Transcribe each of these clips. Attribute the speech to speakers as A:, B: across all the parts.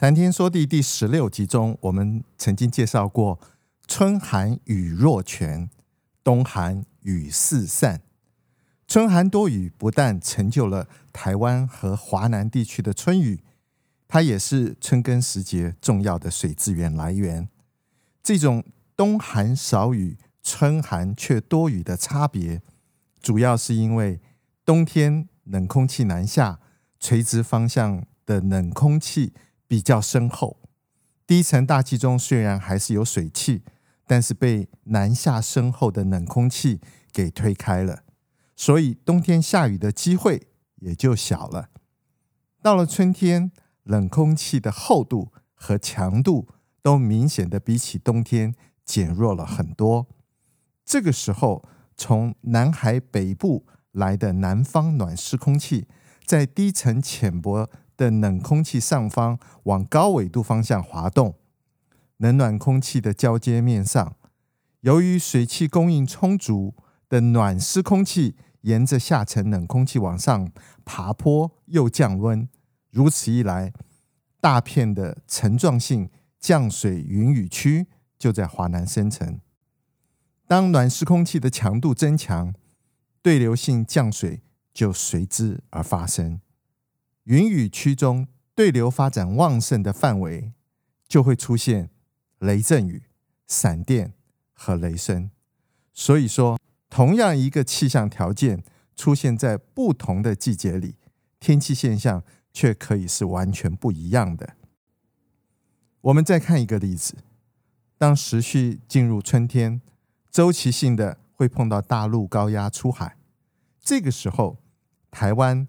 A: 談天說地第十六集中，我們曾經介紹過“春寒雨若泉，冬寒雨四散”。春寒多雨，不但成就了台灣和華南地區的春雨，它也是春耕時節重要的水資源來源。這種冬寒少雨、春寒卻多雨的差別，主要是因為冬天冷空氣南下，垂直方向的冷空氣，比較深厚，低層大氣中雖然還是有水汽，但是被南下深厚的冷空氣給推開了，所以冬天下雨的機會也就小了。到了春天，冷空氣的厚度和強度都明顯的比起冬天減弱了很多。這個時候，從南海北部來的南方暖濕空氣，在低層淺薄。的冷空氣上方往高緯度方向滑動，冷暖空氣的交接面上，由於水汽供應充足，的暖濕空氣沿着下沉冷空氣往上爬坡，又降溫。如此一來，大片的層狀性降水雲雨區就在華南生成。當暖濕空氣的強度增強，對流性降水就隨之而發生。雲雨區中對流發展旺盛的範圍，就會出現雷陣雨、閃電和雷聲。所以說，同樣一個氣象條件出現在不同的季節裡，天氣現象卻可以是完全不一樣的。我們再看一個例子：當時序進入春天，週期性的會碰到大陸高壓出海，這個時候台灣。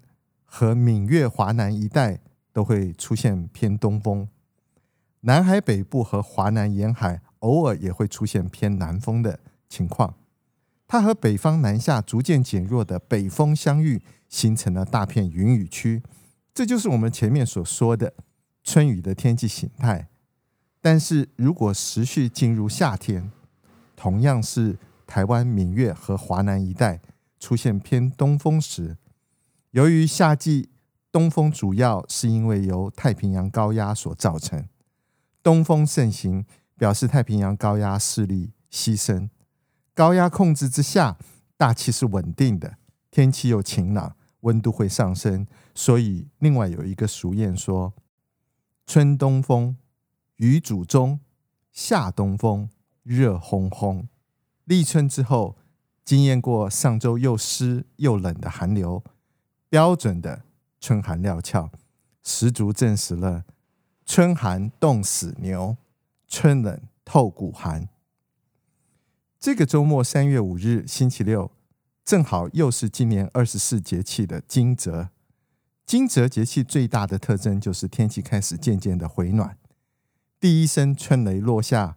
A: 和閩粵華南一帶都會出現偏東風，南海北部和華南沿海偶爾也會出現偏南風的情況。它和北方南下逐漸減弱的北風相遇，形成了大片雲雨區，這就是我們前面所說的春雨的天氣形態。但是如果持續進入夏天，同樣是台灣、閩粵和華南一帶出現偏東風時，由於夏季東風主要是因為由太平洋高壓所造成，東風盛行表示太平洋高壓勢力西伸，高壓控制之下大氣是穩定的，天氣又晴朗，溫度會上升，所以另外有一個俗諺說：“春東風雨祖宗，夏東風熱烘烘。”立春之後，經驗過上周又濕又冷的寒流。標準的春寒料峭，十足證實了“春寒凍死牛，春冷透骨寒”。這個周末，三月五日，星期六，正好又是今年二十四節氣的驚蟄。驚蟄節氣最大的特徵就是天氣開始漸漸的回暖，第一聲春雷落下，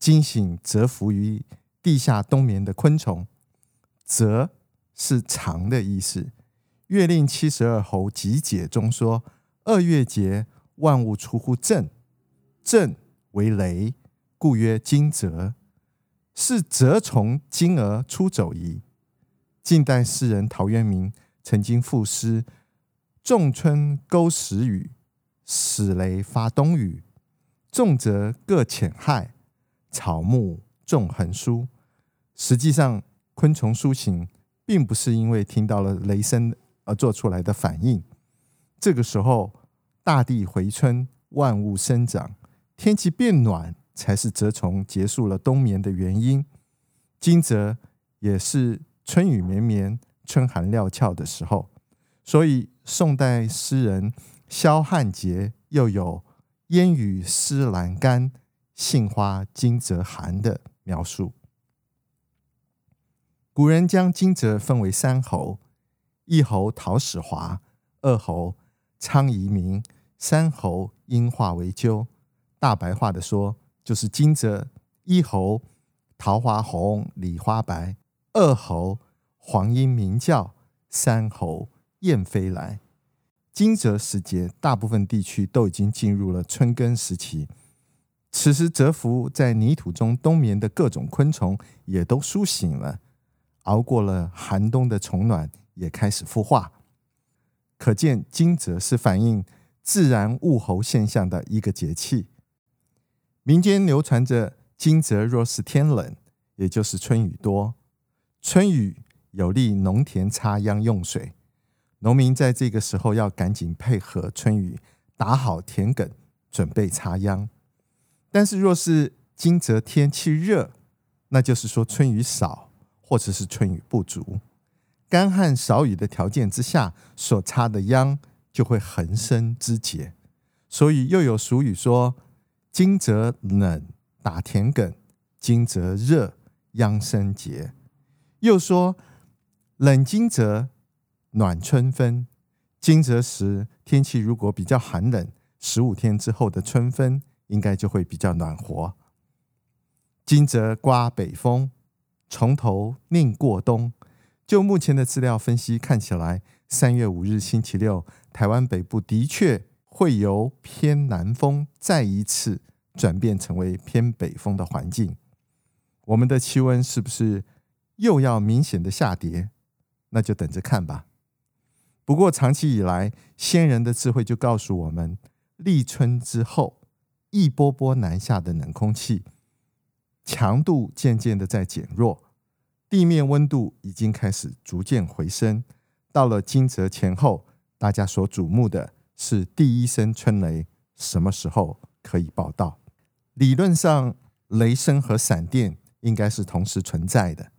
A: 驚醒蟄伏於地下冬眠的昆蟲。蟄是長的意思。《月令七十二候集解》中說：“二月節，萬物出乎震，震為雷，故曰驚蟄。是蟄蟲驚而出走矣。”近代詩人陶淵明曾經賦詩：“仲春遘時雨，始雷發冬雨，眾蟄各潛駭，草木縱橫舒。”實際上，昆蟲蘇醒並不是因為聽到了雷聲。而做出來的反應，這個時候大地回春，萬物生長，天氣變暖，才是蟄蟲結束了冬眠的原因。驚蟄也是春雨綿綿、春寒料峭的時候，所以宋代詩人蕭漢傑又有“煙雨濕闌干，杏花驚蟄寒”的描述。古人將驚蟄分為三候。一候桃始華，二候倉庚鳴，三候鷹化為鳩。大白話的說，就是驚蟄：一候桃花紅，李花白；二候黃鶯鳴叫；三候燕飛來。驚蟄時節，大部分地區都已經進入了春耕時期。此時蟄伏在泥土中冬眠的各種昆蟲也都蘇醒了，熬過了寒冬的蟲卵。也開始孵化，可見驚蟄是反映自然物候現象的一個節氣。民間流傳着驚蟄若是天冷，也就是春雨多，春雨有利農田插秧用水，農民在這個時候要趕緊配合春雨打好田埂，準備插秧。但是若是驚蟄天氣熱，那就是說春雨少或者是春雨不足。乾旱少雨的條件之下，所插的秧就會橫生枝節，所以又有俗語說：“驚蟄冷打田埂，驚蟄熱秧生節。”又說：“冷驚蟄，暖春分。驚蟄時天氣如果比較寒冷，十五天之後的春分應該就會比較暖和。”驚蟄刮北風，從頭另過冬。就目前的資料分析看起來，三月五日星期六，台灣北部的確會由偏南風再一次轉變成為偏北風的環境。我們的氣溫是不是又要明顯的下跌？那就等着看吧。不過，長期以來，先人的智慧就告訴我們，立春之後，一波波南下的冷空氣強度漸漸的在減弱。地面溫度已經開始逐漸回升，到了驚蟄前後，大家所矚目的是第一聲春雷什麼時候可以報到？理論上，雷聲和閃電應該是同時存在的。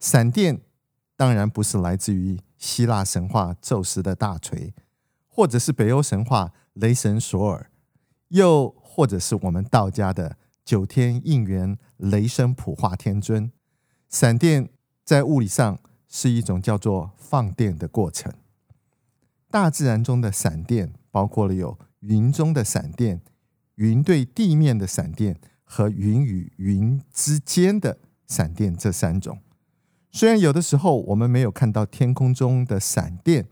A: 閃電當然不是來自於希臘神話宙斯的大錘，或者是北歐神話雷神索爾，又或者是我們道家的九天應元雷聲普化天尊。閃電在物理上是一種叫做放電的過程。大自然中的閃電包括了有雲中的閃電、雲對地面的閃電和雲與雲之間的閃電這三種。雖然有的時候我們沒有看到天空中的閃電，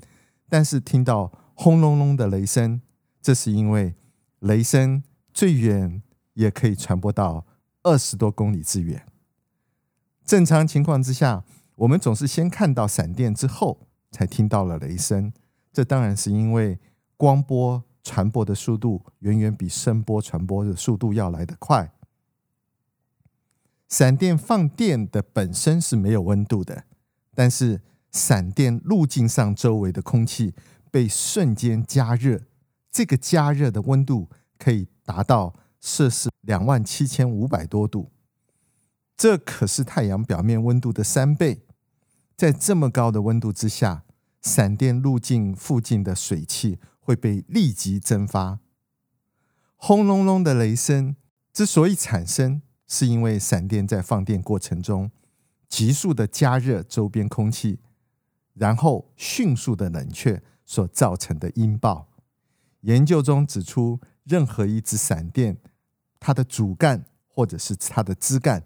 A: 但是聽到轟隆隆的雷聲，這是因為雷聲最遠也可以傳播到二十多公里之遠。正常情況之下，我們總是先看到閃電，之後才聽到了雷聲。這當然是因為光波傳播的速度遠遠比聲波傳播的速度要來得快。閃電放電的本身是沒有溫度的，但是閃電路徑上周圍的空氣被瞬間加熱，這個加熱的溫度可以達到攝氏兩萬七千五百多度。這可是太陽表面溫度的三倍，在這麼高的溫度之下，閃電路徑附近的水汽會被立即蒸發。轟隆隆的雷聲之所以產生，是因為閃電在放電過程中急速的加熱周邊空氣，然後迅速的冷卻所造成的音爆。研究中指出，任何一支閃電，它的主幹或者是它的枝幹。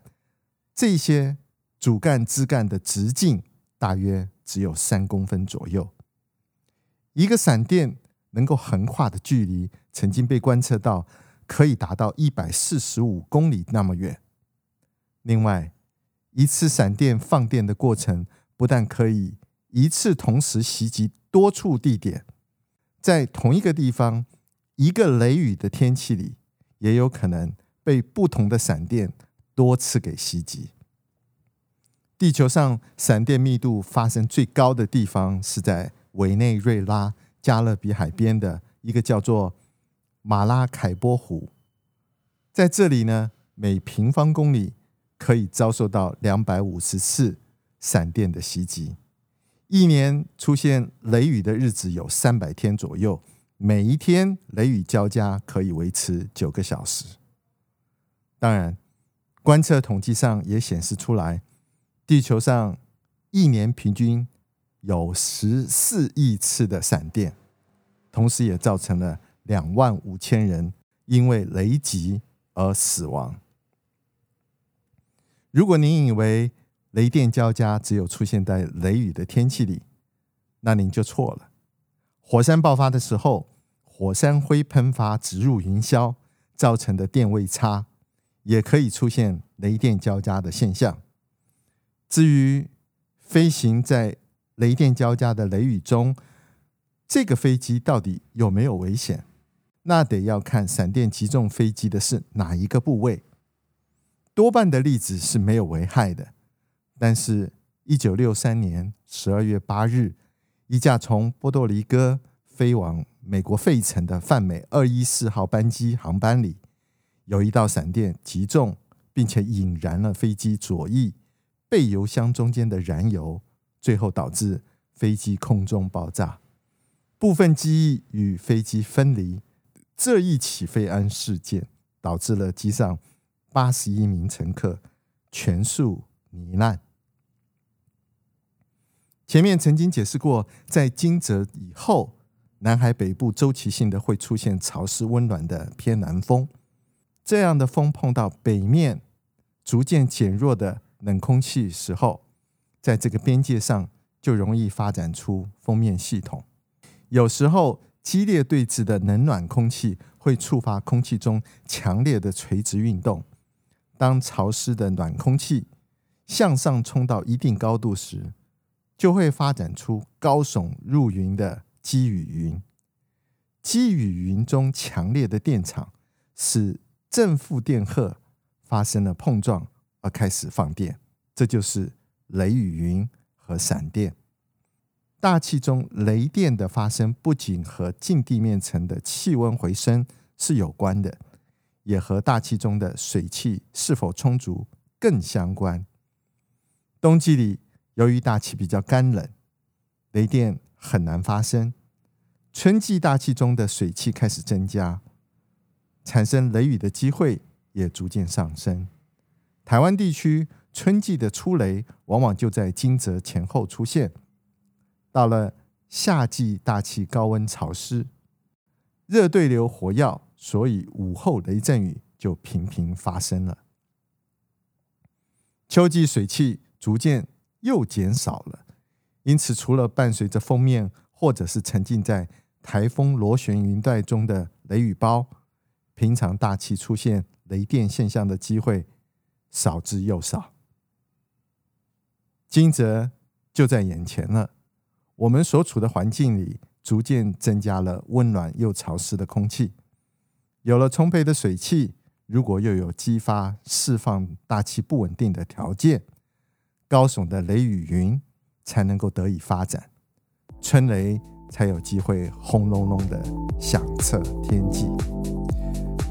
A: 這些主幹、枝幹的直徑大約只有三公分左右。一個閃電能夠橫跨的距離，曾經被觀測到可以達到一百四十五公里那麼遠。另外，一次閃電放電的過程，不但可以一次同時襲擊多處地點，在同一個地方，一個雷雨的天氣裡，也有可能被不同的閃電。多次給襲擊。地球上閃電密度發生最高的地方是在委內瑞拉加勒比海邊的一個叫做馬拉開波湖，在這裡呢，每平方公里可以遭受到兩百五十次閃電的襲擊。一年出現雷雨的日子有三百天左右，每一天雷雨交加可以維持九個小時。當然。觀測統計上也顯示出來，地球上一年平均有十四億次的閃電，同時也造成了兩萬五千人因為雷擊而死亡。如果您以為雷電交加只有出現在雷雨的天氣裡，那您就錯了。火山爆發的時候，火山灰噴發直入雲霄，造成的電位差。也可以出現雷電交加的現象。至於飛行在雷電交加的雷雨中，這個飛機到底有沒有危險？那得要看閃電擊中飛機的是哪一個部位。多半的例子是沒有危害的。但是，一九六三年十二月八日，一架從波多黎各飛往美國費城的泛美二一四號班機航班裡。有一道閃電擊中，並且引燃了飛機左翼備油箱中間的燃油，最後導致飛機空中爆炸，部分機翼與飛機分離。這一起飛安事件導致了機上八十一名乘客全數罹難。前面曾經解釋過，在驚蟄以後，南海北部週期性的會出現潮濕溫暖的偏南風。這樣的風碰到北面逐漸減弱的冷空氣時候，在這個邊界上就容易發展出鋒面系統。有時候激烈對峙的冷暖空氣會觸發空氣中強烈的垂直運動。當潮濕的暖空氣向上衝到一定高度時，就會發展出高聳入雲的積雨雲。積雨雲中強烈的電場使正負電荷發生了碰撞而開始放電，這就是雷雨雲和閃電。大氣中雷電的發生不僅和近地面層的氣溫回升是有關的，也和大氣中的水汽是否充足更相關。冬季裡，由於大氣比較乾冷，雷電很難發生。春季，大氣中的水汽開始增加。產生雷雨的機會也逐漸上升。台灣地區春季的初雷往往就在驚蟄前後出現。到了夏季，大氣高溫潮濕，熱對流活躍，所以午後雷陣雨就頻頻發生了。秋季水汽逐漸又減少了，因此除了伴隨着鋒面或者是沉浸在台風螺旋雲帶中的雷雨胞。平常大氣出現雷電現象的機會少之又少，驚蟄就在眼前了。我們所處的環境裡逐漸增加了溫暖又潮濕的空氣，有了充沛的水汽，如果又有激發釋放大氣不穩定的條件，高聳的雷雨雲才能夠得以發展，春雷才有機會轟隆隆的響徹天際。